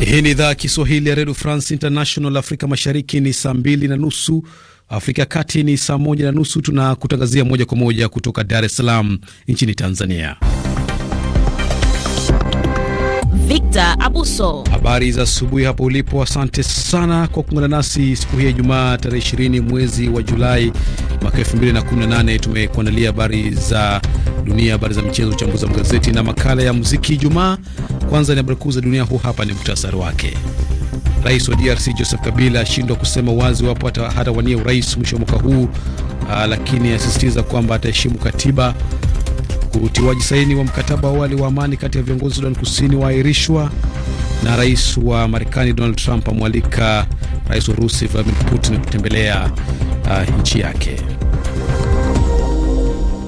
Hii ni idhaa ya Kiswahili ya redio France International. Afrika mashariki ni saa mbili na nusu, Afrika ya kati ni saa moja na nusu. Tunakutangazia moja kwa moja kutoka Dar es Salaam nchini Tanzania. Victor Abuso. Habari za asubuhi hapo ulipo, asante sana kwa kuungana nasi siku hii ya Ijumaa tarehe 20 mwezi wa Julai mwaka 2018. Tumekuandalia habari za dunia, habari za michezo, uchambuzi wa magazeti na makala ya muziki Ijumaa. Kwanza ni habari kuu za dunia, huu hapa ni muhtasari wake. Rais wa DRC Joseph Kabila ashindwa kusema wazi wapo hatawania hata urais mwisho wa mwaka huu, ah, lakini asisitiza kwamba ataheshimu katiba. Utiwaji saini wa mkataba wa awali wa amani kati ya viongozi wa Sudan Kusini waairishwa, na rais wa Marekani Donald Trump amwalika rais wa Urusi Vladimir Putin kutembelea uh, nchi yake.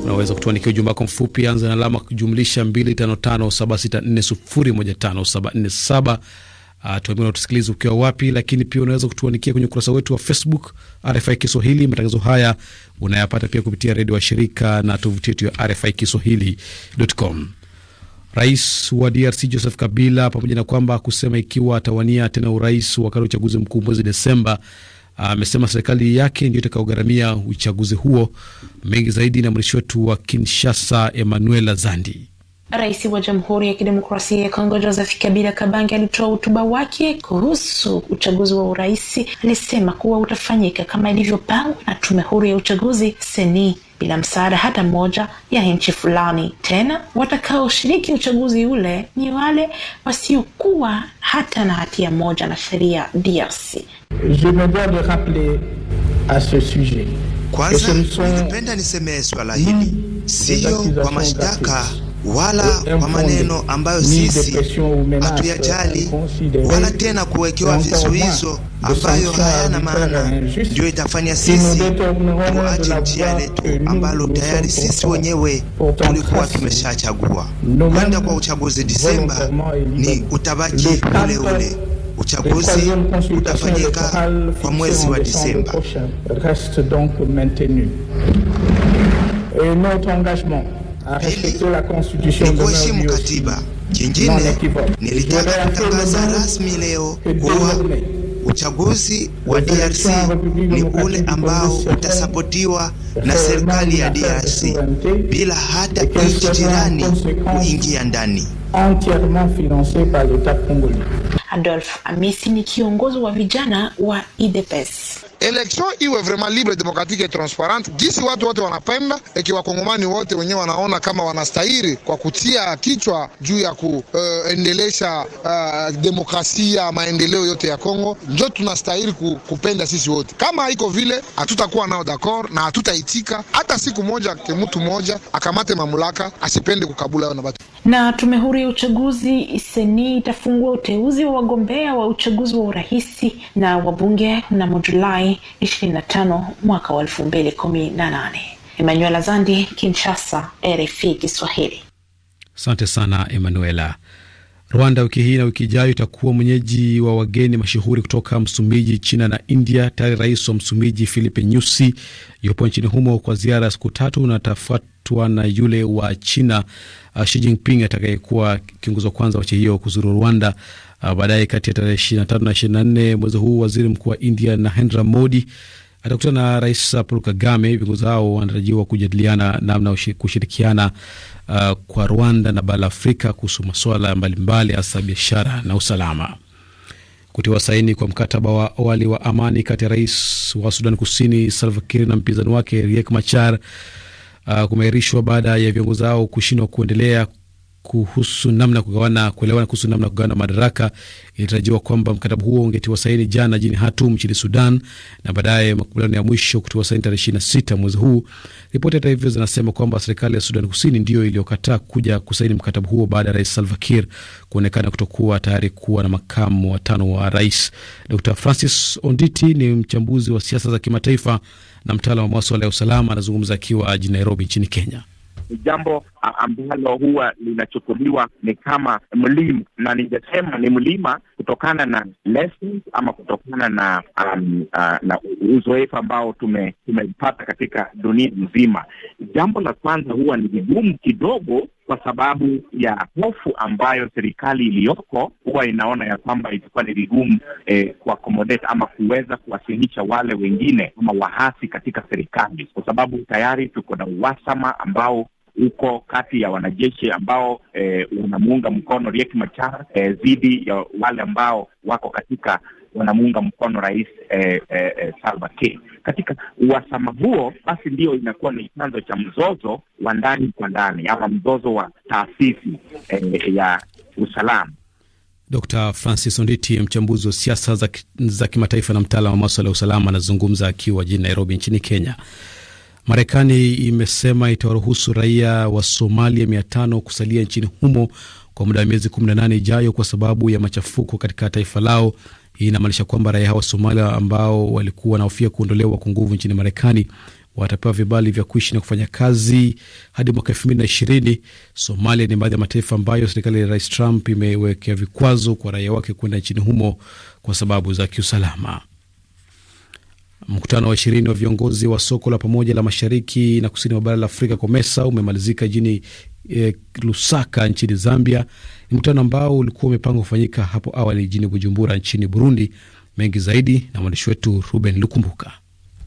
Unaweza kutuandikia ujumbe wako mfupi, anza na alama kujumlisha 255 Uh, tuambie unatusikiliza ukiwa wapi, lakini pia unaweza kutuandikia kwenye ukurasa wetu wa Facebook RFI Kiswahili. Matangazo haya unayapata pia kupitia redio wa shirika na tovuti yetu ya RFI Kiswahili.com. Rais wa DRC Joseph Kabila, pamoja na kwamba kusema ikiwa atawania tena urais wakati wa uchaguzi mkuu mwezi Desemba, amesema uh, serikali yake ndio itakaogharamia uchaguzi huo. Mengi zaidi na mwandishi wetu wa Kinshasa, Emmanuel Azandi. Rais wa Jamhuri ya Kidemokrasia ya Kongo Joseph Kabila Kabange alitoa hotuba wake kuhusu uchaguzi wa urais. Alisema kuwa utafanyika kama ilivyopangwa na tume huru ya uchaguzi seni bila msaada hata moja ya nchi fulani. Tena watakaoshiriki uchaguzi ule ni wale wasiokuwa hata na hatia moja na sheria DRC. Kwanza ningependa nisemee swala hili, siyo kwa mashtaka wala kwa maneno ambayo sisi hatuyajali wala tena kuwekewa vizuizo ambayo hayana maana, ndiyo itafanya sisi tuache njia letu ambalo tayari sisi wenyewe tulikuwa tumeshachagua. Kwenda kwa uchaguzi Disemba ni utabaki ule ule. Uchaguzi utafanyika kwa mwezi wa Disemba. Et notre engagement Pili, ni kuheshimu katiba. Jingine, nilitaka kutangaza rasmi leo kuwa uchaguzi wa DRC ni ule ambao utasapotiwa na serikali ya DRC bila hata nchi jirani kuingia ndani. Adolf Amisi ni kiongozi wa vijana wa IDPS election iwe vraiment libre demokratike et transparente gisi watu wote wanapenda, ikiwakongomani wote wenyewe wanaona kama wanastahili kwa kutia kichwa juu ya kuendelesha euh, uh, uh, demokrasia maendeleo yote ya Kongo, njo tunastahili ku, kupenda sisi wote. Kama haiko vile, hatutakuwa nao d'accord na hatutaitika hata siku moja, ke mtu moja akamate mamlaka asipende kukabula na batu. Na tume huru ya uchaguzi seni itafungua uteuzi wa wagombea wa uchaguzi wa urahisi na wabunge mnamo Julai 25 mwaka wa 2018. Emanuela Zandi, Kinshasa, RFI Kiswahili. Asante sana Emanuela. Rwanda wiki hii na wiki ijayo itakuwa mwenyeji wa wageni mashuhuri kutoka Msumbiji, China na India. Tayari rais wa Msumbiji Filipe Nyusi yupo nchini humo kwa ziara ya siku tatu na atafuatwa na yule wa China uh, Xi Jinping atakayekuwa kiongozi wa kwanza wa nchi hiyo kuzuru Rwanda uh, baadaye kati ya tarehe 25 na 24 mwezi huu. Waziri mkuu wa India Narendra Modi atakutana na Rais Paul Kagame. Viongozi hao wanatarajiwa kujadiliana namna kushirikiana uh, kwa Rwanda na bara la Afrika kuhusu masuala mbalimbali, hasa biashara na usalama. Kutiwa saini kwa mkataba wa awali wa amani kati ya rais wa Sudan Kusini Salva Kiir na mpinzani wake Riek Machar uh, kumeahirishwa baada ya viongozi hao kushindwa kuendelea kuhusu namna kugawana kuelewana kuhusu namna kugawana madaraka. Ilitarajiwa kwamba mkataba huo ungetiwa saini jana jini Hatum nchini Sudan, na baadaye makubaliano ya mwisho kutiwa saini tarehe na sita mwezi huu. Ripoti hata hivyo zinasema kwamba serikali ya Sudan Kusini ndiyo iliyokataa kuja kusaini mkataba huo baada ya rais Salva Kiir kuonekana kutokuwa tayari kuwa na makamu watano wa rais. Dr Francis Onditi ni mchambuzi wa siasa za kimataifa na mtaalam wa maswala ya usalama, anazungumza akiwa jini Nairobi nchini Kenya. Ni jambo ambalo huwa linachukuliwa ni kama mlima, na ningesema ni mlima kutokana na lessons ama kutokana na um, uh, na uzoefu ambao tume, tumepata katika dunia mzima. Jambo la kwanza huwa ni vigumu kidogo kwa sababu ya hofu ambayo serikali iliyoko huwa inaona ya kwamba itakuwa ni vigumu eh, kuakomodate ama kuweza kuwasilisha wale wengine ama wahasi katika serikali, kwa sababu tayari tuko na uhasama ambao uko kati ya wanajeshi ambao eh, wanamuunga mkono Riek Machar eh, dhidi ya wale ambao wako katika wanamuunga mkono rais eh, eh, eh Salva Kiir. Katika uhasama huo basi ndio inakuwa ni chanzo cha mzozo wa ndani kwa ndani ama mzozo wa taasisi eh, ya usalama. Dr. Francis Onditi, mchambuzi wa siasa za, za kimataifa na mtaalam wa maswala ya usalama, anazungumza akiwa jijini Nairobi nchini Kenya. Marekani imesema itawaruhusu raia wa Somalia mia tano kusalia nchini humo kwa muda wa miezi 18 ijayo kwa sababu ya machafuko katika taifa lao. Hii inamaanisha kwamba raia hao wa Somalia ambao walikuwa wanahofia kuondolewa kwa nguvu nchini Marekani watapewa vibali vya kuishi na kufanya kazi hadi mwaka elfu mbili na ishirini. Somalia ni baadhi ya mataifa ambayo serikali ya Rais Trump imewekea vikwazo kwa raia wake kwenda nchini humo kwa sababu za kiusalama. Mkutano wa ishirini wa viongozi wa soko la pamoja la mashariki na kusini mwa bara la Afrika COMESA umemalizika jini e, eh, Lusaka nchini Zambia. Ni mkutano ambao ulikuwa umepangwa kufanyika hapo awali jini Bujumbura nchini Burundi. Mengi zaidi na mwandishi wetu Ruben Lukumbuka.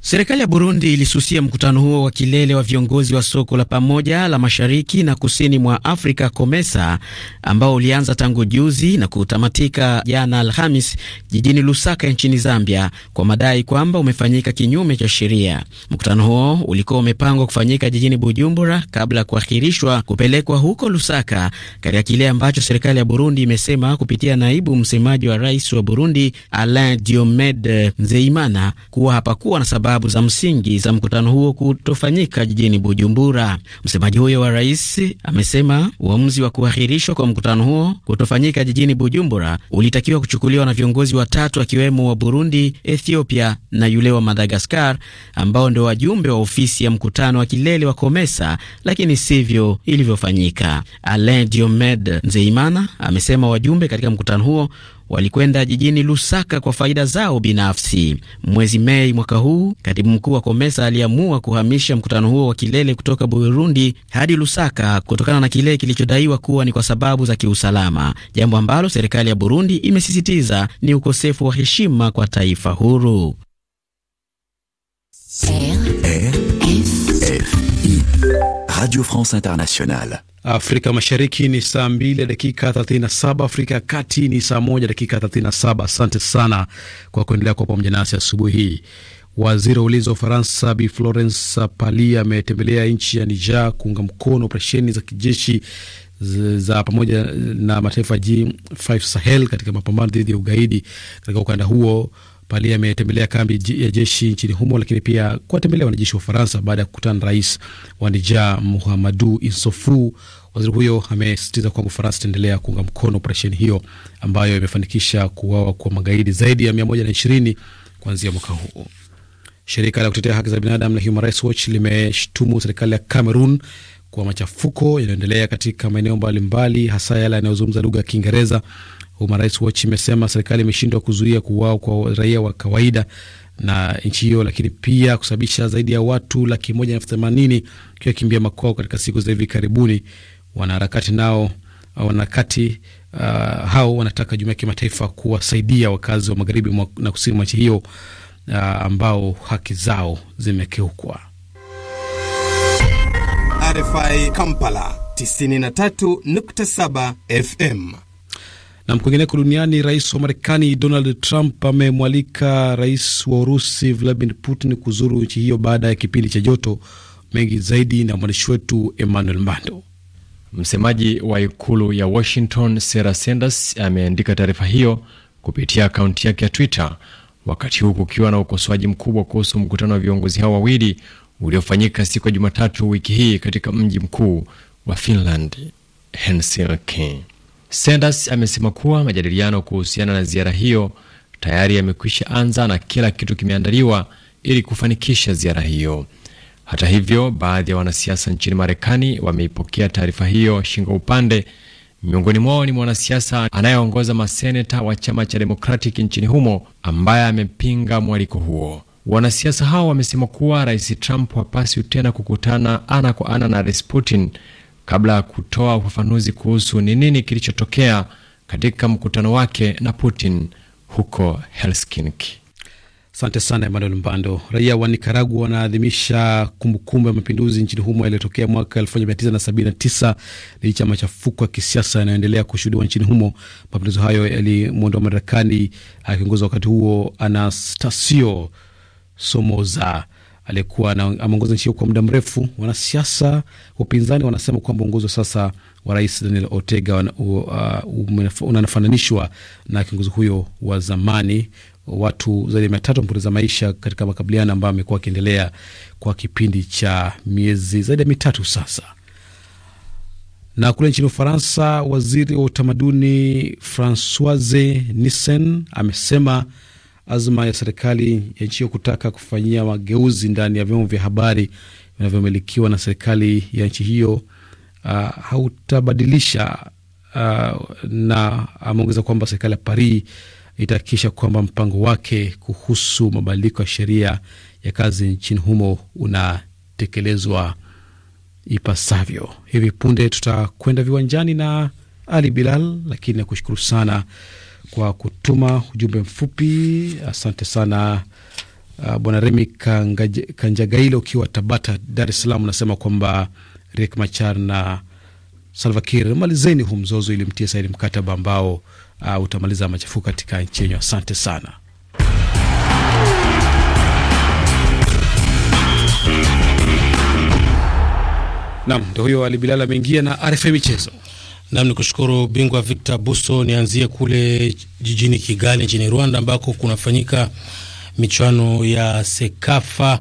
Serikali ya Burundi ilisusia mkutano huo wa kilele wa viongozi wa soko la pamoja la mashariki na kusini mwa Afrika, COMESA, ambao ulianza tangu juzi na kutamatika jana Alhamis jijini Lusaka nchini Zambia, kwa madai kwamba umefanyika kinyume cha sheria. Mkutano huo ulikuwa umepangwa kufanyika jijini Bujumbura kabla ya kuahirishwa kupelekwa huko Lusaka, katika kile ambacho serikali ya Burundi imesema kupitia naibu msemaji wa rais wa Burundi Alain Diomede Nzeimana kuwa hapakuwa na sababu sababu za msingi za mkutano huo kutofanyika jijini Bujumbura. Msemaji huyo wa rais amesema uamuzi wa kuahirishwa kwa mkutano huo kutofanyika jijini Bujumbura ulitakiwa kuchukuliwa na viongozi watatu akiwemo wa Burundi, Ethiopia na yule wa Madagaskar ambao ndio wajumbe wa ofisi ya mkutano wa kilele wa COMESA, lakini sivyo ilivyofanyika. Alain Diomed Nzeimana amesema wajumbe katika mkutano huo walikwenda jijini Lusaka kwa faida zao binafsi. Mwezi Mei mwaka huu, katibu mkuu wa Komesa aliamua kuhamisha mkutano huo wa kilele kutoka Burundi hadi Lusaka kutokana na kile kilichodaiwa kuwa ni kwa sababu za kiusalama, jambo ambalo serikali ya Burundi imesisitiza ni ukosefu wa heshima kwa taifa huru. R. R. Radio France Internationale. Afrika Mashariki ni saa 2 dakika 37, Afrika ya Kati ni saa moja dakika 37. Asante sana kwa kuendelea kwa pamoja nasi asubuhi hii. Waziri wa ulinzi wa Ufaransa Bi Florence Pali ametembelea nchi ya Niger kuunga mkono operesheni za kijeshi za pamoja na mataifa G5 Sahel katika mapambano dhidi ya ugaidi katika ukanda huo. Pali ametembelea kambi ya jeshi nchini humo, lakini pia kuwatembelea wanajeshi wa Ufaransa baada ya kukutana na rais wa nija muhamadu Insofu. Waziri huyo amesisitiza kwamba Ufaransa itaendelea kuunga mkono operesheni hiyo ambayo imefanikisha kuuawa kwa magaidi zaidi ya 120 kuanzia mwaka huu. Shirika la kutetea haki za binadamu la Human Rights Watch limeshtumu serikali ya Cameroon kwa machafuko yanayoendelea katika maeneo mbalimbali, hasa yale yanayozungumza lugha ya Kiingereza Human Watch imesema serikali imeshindwa kuzuia kuuawa kwa raia wa kawaida na nchi hiyo, lakini pia kusababisha zaidi ya watu laki moja elfu themanini wakiwa kimbia makwao katika siku za hivi karibuni. Wanaharakati nao wanaharakati uh, hao wanataka jumuiya ya kimataifa kuwasaidia wakazi wa magharibi na kusini mwa nchi hiyo uh, ambao haki zao zimekiukwa. RFI Kampala 93.7 FM. Na kwingineko duniani, rais wa Marekani Donald Trump amemwalika rais wa Urusi Vladimir Putin kuzuru nchi hiyo baada ya kipindi cha joto. Mengi zaidi na mwandishi wetu Emmanuel Mbando. Msemaji wa ikulu ya Washington Sarah Sanders ameandika taarifa hiyo kupitia akaunti yake ya Twitter wakati huu kukiwa na ukosoaji mkubwa kuhusu mkutano wa viongozi hao wawili uliofanyika siku ya Jumatatu wiki hii katika mji mkuu wa Finland, Helsinki. Sanders amesema kuwa majadiliano kuhusiana na ziara hiyo tayari yamekwisha anza na kila kitu kimeandaliwa ili kufanikisha ziara hiyo. Hata hivyo, baadhi ya wanasiasa nchini Marekani wameipokea taarifa hiyo shingo upande. Miongoni mwao ni mwanasiasa anayeongoza maseneta wa chama cha Democratic nchini humo ambaye amepinga mwaliko huo. Wanasiasa hao wamesema kuwa Rais Trump hapaswi tena kukutana ana kwa ana na Rais Putin kabla ya kutoa ufafanuzi kuhusu ni nini kilichotokea katika mkutano wake na Putin huko Helsinki. Asante sana Emmanuel Mbando. Raia wa Nikaragua wanaadhimisha kumbukumbu ya mapinduzi nchini humo yaliyotokea mwaka 1979 licha ya machafuko ya kisiasa yanayoendelea kushuhudiwa nchini humo. Mapinduzi hayo yalimwondoa madarakani akiongoza wakati huo Anastasio Somoza aliyekuwa ameongoza nchi hiyo kwa muda mrefu. Wanasiasa upinzani wanasema kwamba uongozi wa sasa wa Rais Daniel Ortega uh, unafananishwa na kiongozi huyo wa zamani. Watu zaidi ya mia tatu wamepoteza maisha katika makabiliano ambayo amekuwa akiendelea kwa kipindi cha miezi zaidi ya mitatu sasa na kule nchini Ufaransa, waziri wa utamaduni Francoise Nissen amesema azma ya serikali ya nchi hiyo kutaka kufanyia mageuzi ndani ya vyombo vya habari vinavyomilikiwa na serikali ya nchi hiyo uh, hautabadilisha uh, na uh, ameongeza kwamba serikali ya Paris itahakikisha kwamba mpango wake kuhusu mabadiliko ya sheria ya kazi nchini humo unatekelezwa ipasavyo. Hivi punde tutakwenda viwanjani na Ali Bilal, lakini nakushukuru sana kwa kutuma ujumbe mfupi. Asante sana. Uh, Bwana Remi Kanjagaile ukiwa Tabata, Dar es Salaam, unasema kwamba Riek Machar na Salva Kiir malizeni huu mzozo ili mtie saini mkataba ambao uh, utamaliza machafuko katika nchi yenyu. Asante sana. Nam, ndo huyo Alibilala ameingia na RFI Michezo. Nam ni kushukuru bingwa Victor Buso. Nianzie kule jijini Kigali nchini Rwanda, ambako kunafanyika michuano ya Sekafa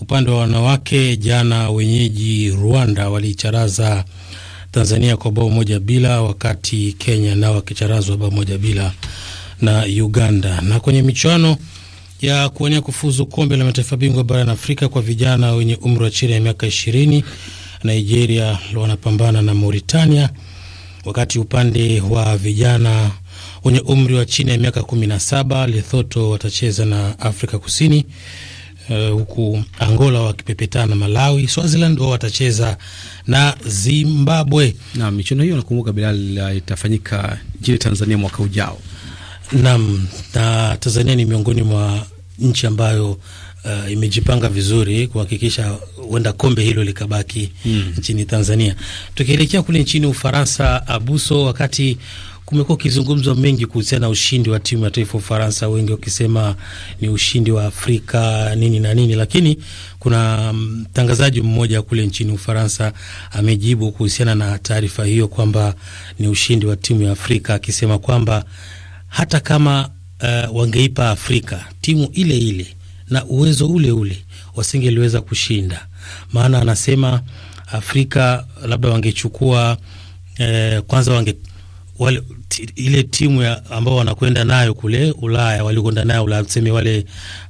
upande wa wanawake. Jana wenyeji Rwanda waliicharaza Tanzania kwa bao moja bila, wakati Kenya nao wakicharazwa bao moja bila na Uganda. Na kwenye michuano ya kuwania kufuzu kombe la mataifa bingwa barani Afrika kwa vijana wenye umri wa chini ya miaka ishirini, Nigeria wanapambana na Mauritania wakati upande wa vijana wenye umri wa chini ya miaka 17 Lesotho watacheza na Afrika Kusini, uh, huku Angola wakipepetana na Malawi. Swaziland wao watacheza na Zimbabwe. Na michuano hiyo nakumbuka, Bilal, itafanyika nchini Tanzania mwaka ujao. Naam, na Tanzania ni miongoni mwa nchi ambayo uh, imejipanga vizuri kuhakikisha huenda kombe hilo likabaki mm. nchini Tanzania. Tukielekea kule nchini Ufaransa, Abuso, wakati kumekuwa ukizungumzwa mengi kuhusiana na ushindi wa timu ya taifa Ufaransa, wengi wakisema ni ushindi wa Afrika nini na nini, lakini kuna mm, mtangazaji mmoja kule nchini Ufaransa amejibu kuhusiana na taarifa hiyo kwamba ni ushindi wa timu ya Afrika, akisema kwamba hata kama uh, wangeipa Afrika timu ile ile na uwezo ule ule wasingeliweza kushinda. Maana anasema Afrika labda wangechukua eh, kwanza wange wale, ile timu ya ambao wanakwenda nayo kule Ulaya walikwenda nayo Ulaya tuseme wale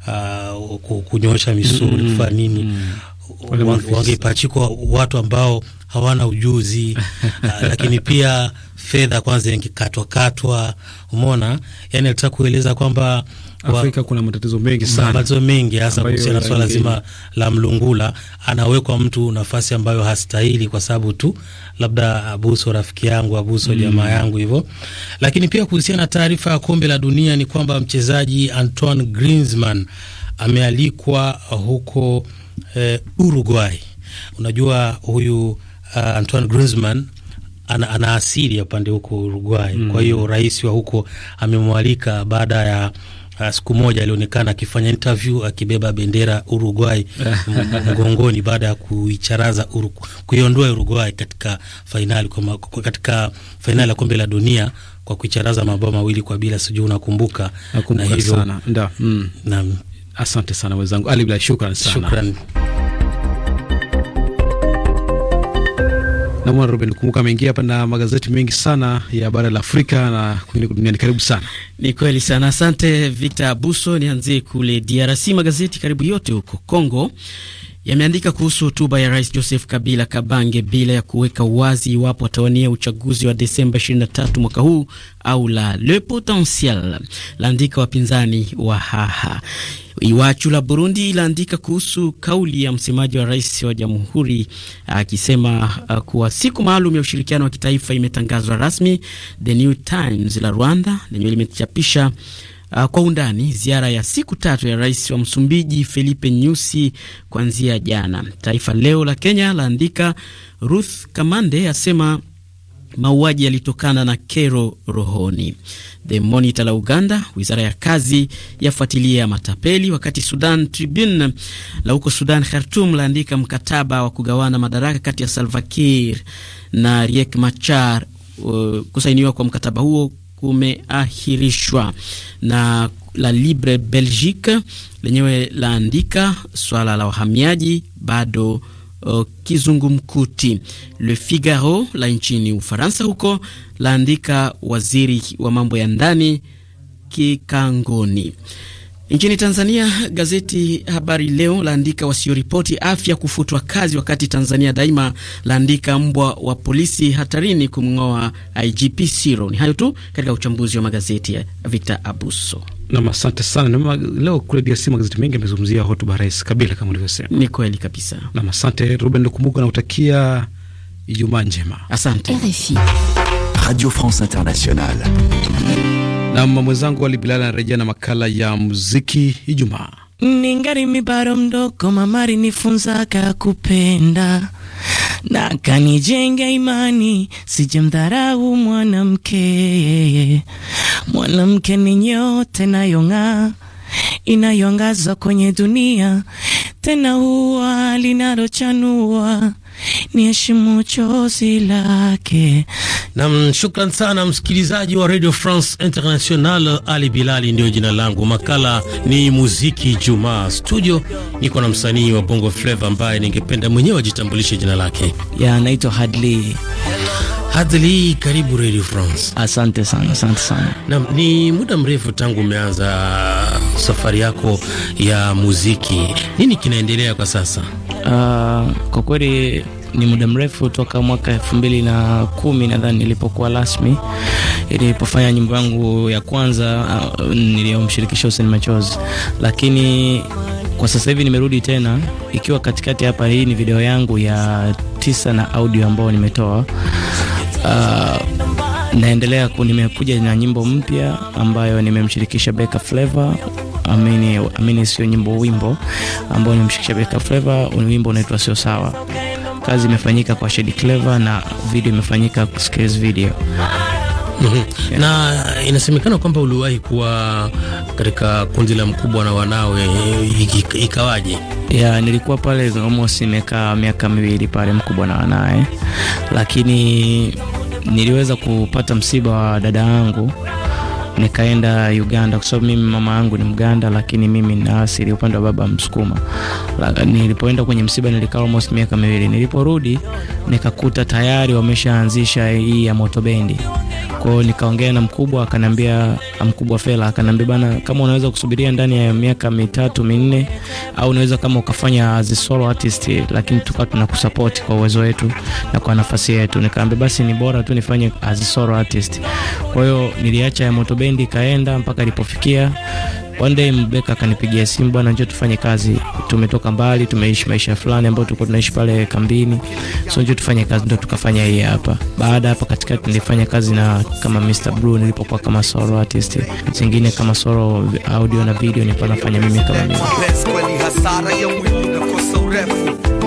ah, uh, kunyoosha misuli mm, kufanya nini mm, wangepachikwa watu ambao hawana ujuzi uh, lakini pia fedha kwanza ingekatwakatwa. umona yani alitaka kueleza kwamba Afrika kuna matatizo mengi sana, matatizo mengi hasa kuhusiana na swala zima la mlungula. Anawekwa mtu nafasi ambayo hastahili kwa sababu tu labda abuso rafiki yangu, abuso mm. jamaa mm, yangu hivyo. Lakini pia kuhusiana na taarifa ya kombe la dunia ni kwamba mchezaji Antoine Griezmann amealikwa huko eh, Uruguay. Unajua huyu uh, Antoine Griezmann ana, ana asili ya upande huko Uruguay mm. Kwa hiyo rais wa huko amemwalika baada ya uh, siku moja alionekana akifanya interview akibeba bendera Uruguay mgongoni baada ya kuicharaza kuiondoa Uruguay katika fainali kwa katika fainali ya kombe la dunia kwa kuicharaza mabao mawili kwa bila, sijui unakumbuka. Na hivyo sana ndio mm. Asante sana wenzangu Ali bila, shukran sana, shukran. Namwona Ruben Kumbuka ameingia hapa na magazeti mengi sana ya bara la Afrika na kwingine duniani. Karibu sana. Ni kweli sana, asante Victor Abuso. Nianzie kule DRC, magazeti karibu yote huko Congo yameandika kuhusu hotuba ya Rais Joseph Kabila Kabange bila ya kuweka wazi iwapo atawania uchaguzi wa Desemba 23 mwaka huu au la. Le Potentiel laandika wapinzani wa haha. Iwachu la Burundi laandika kuhusu kauli ya msemaji wa rais wa jamhuri akisema uh, kuwa siku maalum ya ushirikiano wa kitaifa imetangazwa rasmi. The New Times la Rwanda lenyewe limechapisha Uh, kwa undani ziara ya siku tatu ya rais wa Msumbiji Felipe Nyusi kuanzia jana. Taifa Leo la Kenya laandika Ruth Kamande asema mauaji yalitokana na kero rohoni. The Monitor la Uganda, wizara ya kazi yafuatilia matapeli, wakati Sudan Tribune la huko Sudan Khartoum laandika mkataba wa kugawana madaraka kati ya Salva Kiir na Riek Machar, uh, kusainiwa kwa mkataba huo kumeahirishwa na la Libre Belgique lenyewe laandika swala la wahamiaji bado o, kizungumkuti. Le Figaro la nchini Ufaransa huko laandika waziri wa mambo ya ndani kikangoni. Nchini Tanzania, gazeti Habari Leo laandika wasioripoti afya kufutwa kazi, wakati Tanzania Daima laandika mbwa wa polisi hatarini kumng'oa IGP Siro. Ni hayo tu katika uchambuzi wa magazeti ya Victor Abuso. Nam, asante sana. Nama, leo kule DRC magazeti mengi amezungumzia hotuba Rais Kabila kama ulivyosema. Ni kweli kabisa. Nam, asante Ruben Lukumbuka, nautakia Ijumaa njema. Asante RFI. Radio France Internationale na mwenzangu Ali Bilal anarejea na makala ya muziki Ijumaa. ni mi bado mdogo, mamari alinifunzaka kupenda na kanijenga imani, sijemdharau mwanamke. Mwanamke ni nyote nayonga inayongaza kwenye dunia tena huwa linalochanua ni heshimu chozi lake. Nam, shukran sana msikilizaji wa Radio France International. Ali Bilali ndio jina langu. Makala ni muziki Jumaa. Studio niko na msanii wa Bongo Flava ambaye ningependa mwenyewe ajitambulishe jina lake. ya anaitwa Hadli. Hadli, karibu Radio France. Asante sana, asante sana. Nam, ni muda mrefu tangu umeanza safari yako ya muziki, nini kinaendelea kwa sasa? Uh, kwa kweli ni muda mrefu toka mwaka elfu mbili na kumi nadhani nilipokuwa rasmi nilipofanya nyimbo yangu ya kwanza uh, niliyomshirikisha Hussein Machozi, lakini kwa sasa hivi nimerudi tena, ikiwa katikati hapa. Hii ni video yangu ya tisa na audio ambayo nimetoa uh, naendelea nimekuja na nyimbo mpya ambayo nimemshirikisha Beka Flavor Amini, amini sio nyimbo, wimbo ambao nimemshirikisha Beka ni wimbo unaitwa sio sawa. Kazi imefanyika kwa Shady Clever na video imefanyika Skills Video. Mm -hmm. Yeah. Na inasemekana kwamba uliwahi kuwa katika kundi la mkubwa na wanawe, eh, ikawaje? Yeah, nilikuwa pale almost imekaa miaka miwili pale mkubwa na wanawe, lakini niliweza kupata msiba wa dada yangu nikaenda Uganda kwa sababu mimi mama yangu ni Mganda, lakini mimi na asili upande wa baba Msukuma. Nilipoenda kwenye msiba nilikaa almost miaka miwili. Niliporudi nikakuta tayari wameshaanzisha hii ya motobendi. Kwa nikaongea na mkubwa akaniambia, ah, mkubwa Fela akaniambia, bana, kama unaweza kusubiria ndani ya miaka mitatu minne, au unaweza kama ukafanya as a solo artist, lakini tukawa tunakusupport kwa uwezo wetu na kwa nafasi yetu. Nikaambia basi ni bora tu nifanye as a solo artist. Kwa hiyo niliacha ya Moto Bendi ikaenda mpaka ilipofikia One day Mbeka akanipigia simu, bwana, njoo tufanye kazi, tumetoka mbali, tumeishi maisha fulani ambayo tulikuwa tunaishi pale kambini, so njoo tufanye kazi. Ndio tukafanya hii hapa. Baada hapa katikati nilifanya kazi na kama Mr Blue nilipokuwa kama solo artist, zingine kama solo audio na video nilikuwa nafanya mimi kama mimi.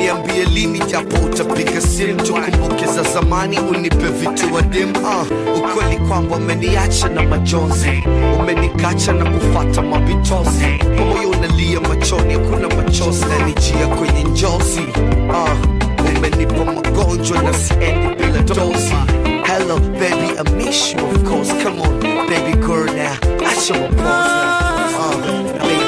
Niambie lini japo utapiga simu, tukumbuke za zamani, unipe vitu wa dim. Uh, ah, ukweli kwamba umeniacha na majonzi, umenikacha na kufata mabitozi, moyo unalia machoni, hakuna machozi na nijia kwenye njozi. Uh, umenipa magonjwa na siendi bila dozi. Hello baby, I miss you of course. Come on baby girl now, acha mapoza. Uh, baby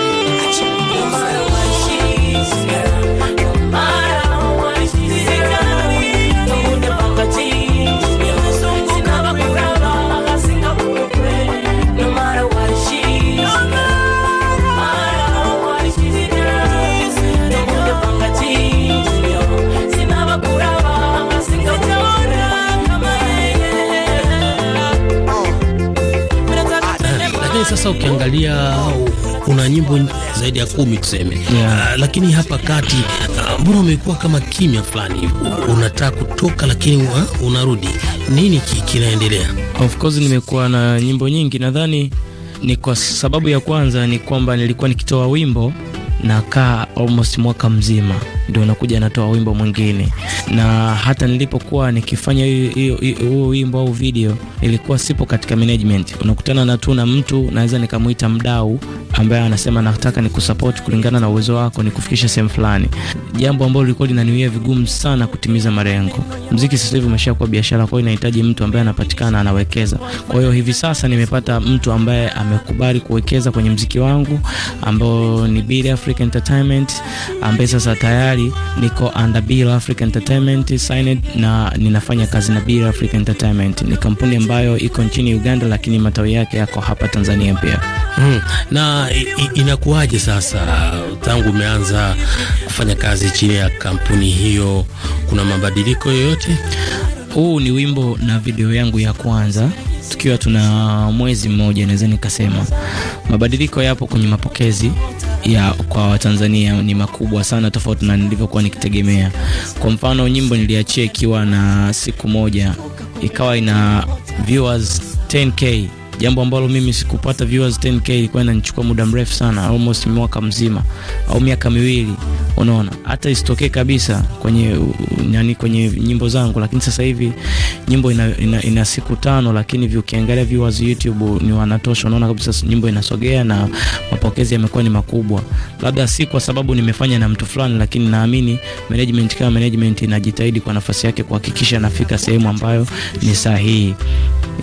Lakini sasa ukiangalia kuna nyimbo zaidi ya kumi tuseme, yeah. Uh, lakini hapa kati ah, mbona uh, umekuwa kama kimya fulani, unataka kutoka lakini uh, unarudi. Nini kinaendelea? Of course nimekuwa na nyimbo nyingi, nadhani ni kwa sababu ya kwanza ni kwamba nilikuwa nikitoa wimbo nakaa almost mwaka mzima ndio nakuja natoa wimbo mwingine, na hata nilipokuwa nikifanya huo wimbo au video ilikuwa sipo katika management. Unakutana na tu na mtu naweza nikamuita mdau ambaye anasema nataka nikusupport kulingana na uwezo wako nikufikisha sehemu fulani, jambo ambalo lilikuwa linaniwia vigumu sana kutimiza malengo. Muziki sasa hivi umeshakuwa biashara, kwa hiyo inahitaji mtu ambaye anapatikana anawekeza. Kwa hiyo hivi sasa nimepata mtu ambaye amekubali kuwekeza kwenye muziki wangu ambao ni Bill African Entertainment Entertainment ambaye sasa tayari niko under Bill Africa Entertainment signed na ninafanya kazi na Bill Africa Entertainment. Ni kampuni ambayo iko nchini Uganda, lakini matawi yake yako hapa Tanzania pia. Mm, na inakuwaje sasa tangu umeanza kufanya kazi chini ya kampuni hiyo, kuna mabadiliko yoyote? Huu ni wimbo na video yangu ya kwanza tukiwa tuna mwezi mmoja, naweza nikasema mabadiliko yapo kwenye mapokezi, ya kwa Watanzania ni makubwa sana, tofauti na nilivyokuwa nikitegemea. Kwa mfano, nyimbo niliachia ikiwa na siku moja ikawa ina viewers 10k jambo ambalo mimi sikupata viewers 10k, ilikuwa inanichukua muda mrefu sana, almost mwaka mzima au miaka miwili unaona, hata isitokee kabisa kwenye nani, kwenye nyimbo zangu, lakini sasa hivi nyimbo ina, ina, ina siku tano, lakini ukiangalia viewers YouTube ni wanatosha, unaona kabisa nyimbo inasogea na mapokezi yamekuwa ni makubwa, labda si kwa sababu nimefanya na mtu fulani, lakini naamini management kama management inajitahidi kwa nafasi yake kuhakikisha nafika sehemu ambayo ni sahihi.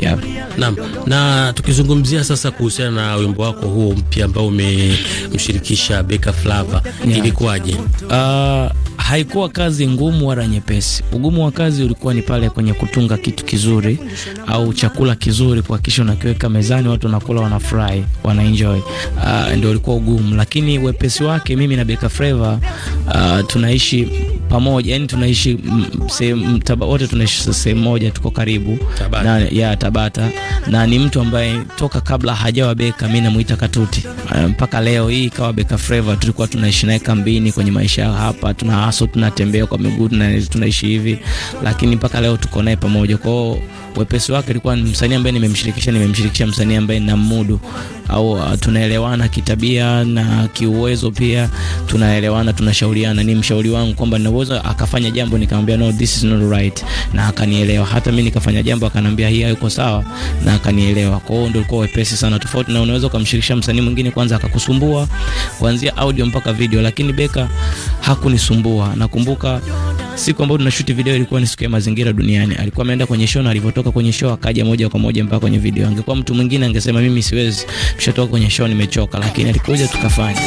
Yeah. Naam. Na tukizungumzia sasa kuhusiana na wimbo wako huo mpya ambao umemshirikisha Beka Flava, yeah. Ilikuwaje? Uh, haikuwa kazi ngumu wala nyepesi. Ugumu wa kazi ulikuwa ni pale kwenye kutunga kitu kizuri au chakula kizuri, kuhakikisha unakiweka mezani, watu wanakula, wanafurahi, wanaenjoy. Uh, ndio ulikuwa ugumu, lakini wepesi wake mimi na Beka Flavor uh, ah, tunaishi pamoja, yani tunaishi sehemu wote, tunaishi sehemu moja, tuko karibu Tabata. Na, ya Tabata na ni mtu ambaye toka kabla hajawa beka mimi namuita Katuti eh, mpaka um, leo hii ikawa beka forever. Tulikuwa tunaishi naye kambini kwenye maisha hapa, tuna haso, tunatembea kwa miguu, tuna, tunaishi hivi, lakini mpaka leo tuko naye pamoja. Kwa wepesi wake alikuwa ni msanii ambaye nimemshirikisha, nimemshirikisha msanii ambaye namudu au uh, tunaelewana kitabia na kiuwezo, pia tunaelewana, tunashauriana, ni mshauri wangu kwamba na anaweza akafanya jambo nikamwambia no this is not right, na akanielewa. Hata mimi nikafanya jambo akanambia hii hayuko sawa, na akanielewa. Kwa hiyo ndio ulikuwa wepesi sana, tofauti na unaweza ukamshirikisha msanii mwingine, kwanza akakusumbua kuanzia audio mpaka video, lakini Beka hakunisumbua. Nakumbuka siku ambayo tunashuti video ilikuwa ni siku ya mazingira duniani. Alikuwa ameenda kwenye show na alivyotoka kwenye show akaja moja kwa moja mpaka kwenye video. Angekuwa mtu mwingine angesema mimi siwezi, tushatoka kwenye show, nimechoka, lakini alikuja tukafanya.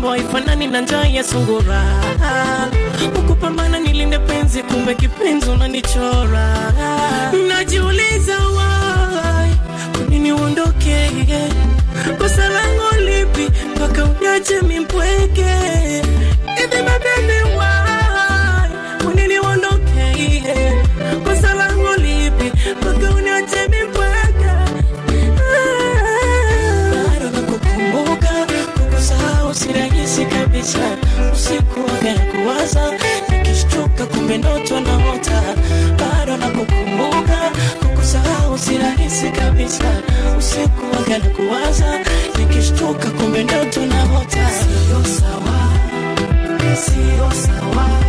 mambo haifanani na njaa ya sungura. Ukupambana nilinde penzi, kumbe kipenzi unanichora. Najiuliza why, kunini nini uondoke? Kosa langu lipi mpaka uniache mimpweke? Hivi mabebe why, kunini nini vizuri usiku wagana kuwaza nikishtuka kumbe ndoto naota bado nakukumbuka kukusahau si rahisi kabisa usiku wagana kuwaza nikishtuka kumbe ndoto naota sio sawa sio sawa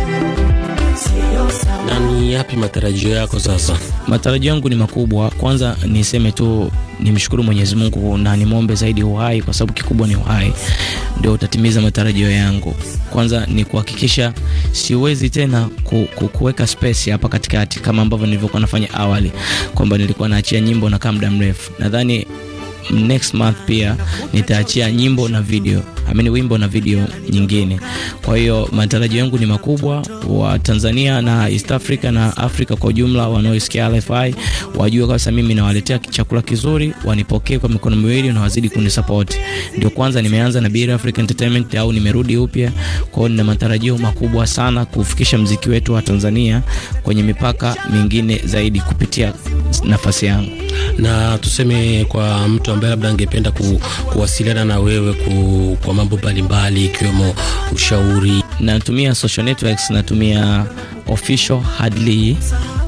na ni yapi matarajio yako sasa? Matarajio yangu ni makubwa. Kwanza niseme tu nimshukuru Mwenyezi Mungu na nimwombe zaidi uhai, kwa sababu kikubwa ni uhai ndio utatimiza matarajio yangu. Kwanza ni kuhakikisha siwezi tena ku, ku, kuweka space hapa katikati kama ambavyo nilivyokuwa nafanya awali, kwamba nilikuwa naachia nyimbo na kaa muda mrefu. Nadhani next month pia nitaachia nyimbo na video I mean, wimbo na video nyingine. Kwa hiyo matarajio yangu ni makubwa. Wa Tanzania na East Africa na Afrika kwa ujumla wanaoisikia RFI wajue kabisa mimi nawaletea chakula kizuri, wanipokee kwa mikono miwili na wazidi kunisupport. Ndio kwanza nimeanza na Beer Africa Entertainment au nimerudi upya. Kwa hiyo nina matarajio makubwa sana kufikisha mziki wetu wa Tanzania kwenye mipaka mingine zaidi kupitia nafasi yangu. Na tuseme kwa mtu ambaye labda angependa ku, kuwasiliana na wewe ku, kwa mambo mbalimbali ikiwemo ushauri? Natumia social networks, natumia official Hadly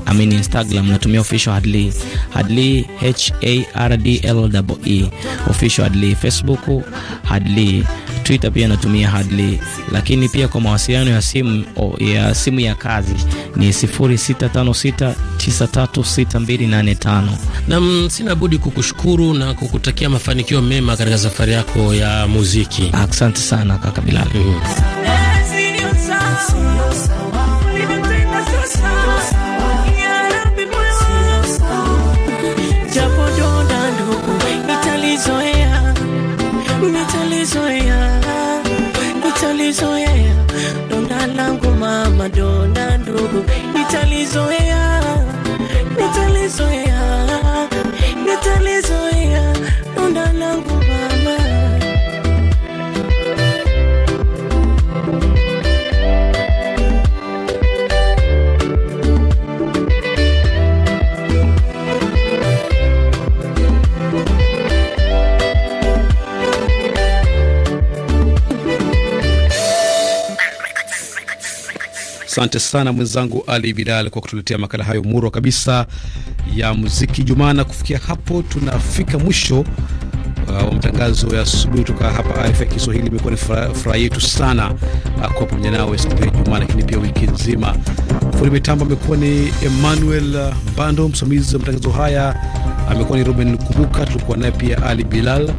I mean Instagram natumia official Hadly Hadly H A R D L E, e official Hadly, Facebook Hadly Twitter pia natumia hadli, lakini pia kwa mawasiliano ya simu ya simu ya kazi ni 0656936285. Nam, sina budi kukushukuru na kukutakia mafanikio mema katika safari yako ya muziki. Asante sana kaka Bilal. mm -hmm. nitalizoea, nitalizoea donda langu mama, donda ndugu, nitalizoea, nitalizoea Asante sana mwenzangu Ali Bilal kwa kutuletea makala hayo murwa kabisa ya muziki Jumaa. Na kufikia hapo tunafika mwisho uh, wa uh, matangazo ya asubuhi kutoka hapa RFI Kiswahili. Imekuwa ni furaha yetu sana uh, kuwa pamoja nawe siku ya Jumaa, lakini pia wiki nzima. Fundi mitambo amekuwa ni Emmanuel Bando, msimamizi wa matangazo haya amekuwa ni Ruben kubuka tulikuwa naye pia Ali Bilal.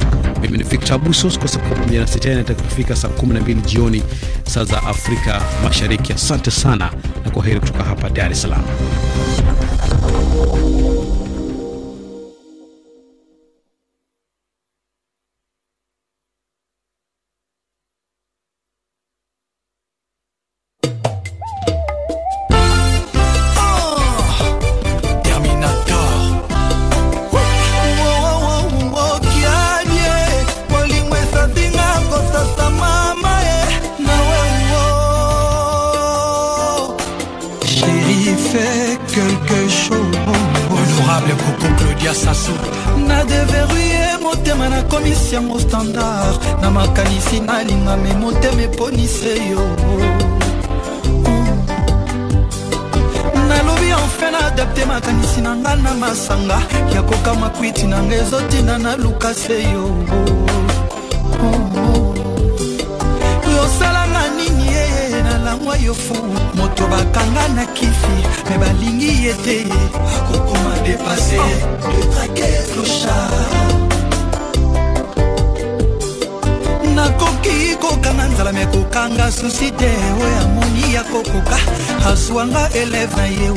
Mimi ni Victor Abuso, usikose pamoja nasi tena itakapofika saa 12 jioni saa za Afrika Mashariki. Asante sana na kwa heri kutoka hapa Dar es Salaam. yango standard na makanisi nalinga me motema eponise yo nalobi enfin na adapte makanisi na nga na masanga ya kokama kwiti na nga ezotinda na lukase yo yosalanga nini ye nalangwa yo fu moto bakanga na kifi me balingi ye te kokoma depase detrake clochard nzala mekokanga susi te oyo amoni ya kokoka aswanga eleve na ye o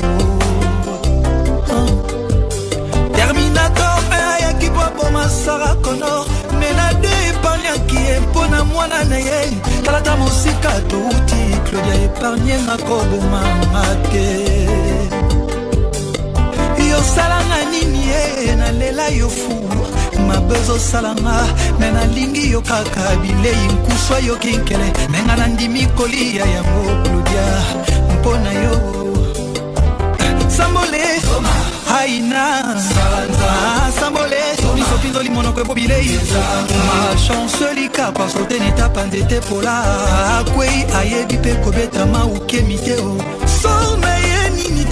hmm. terminator mpe ayaki po aboma sara conor menade epargnaki ye mpo na mwana na ye talata mosika touti claudia epargnenga kobomanga te yosalanga nini ye nalela yo fulu mabe ezosalama me nalingi yo kaka bilei nkusu ayoki nkele me nga nandimi kolia yango klodia mpo na yo sambole aina ah, sambole misopinzoli monoko epo bilei machanse likapa sotene etapa nzete pola akwei ayebi mpe kobetama ukemi te o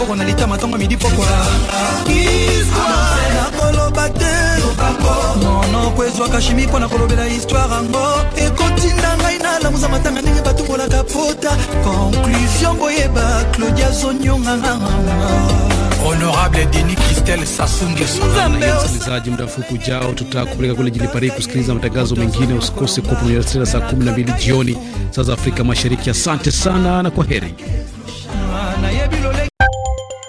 loboko na litama ntongo midi pokola nakoloba te monoko ezwaka shimi mpo na kolobela histware yango ekotinda ngai nalamuza matanga ndenge batumbolaka pota boyeba claudia zonyonga Honorable Deni Muda mfupi ujao tutakupeleka kule jijini Paris kusikiliza matangazo mengine. Usikose kuwa pamoja tena saa 12 jioni saa za Afrika Mashariki. Asante sana na kwa heri.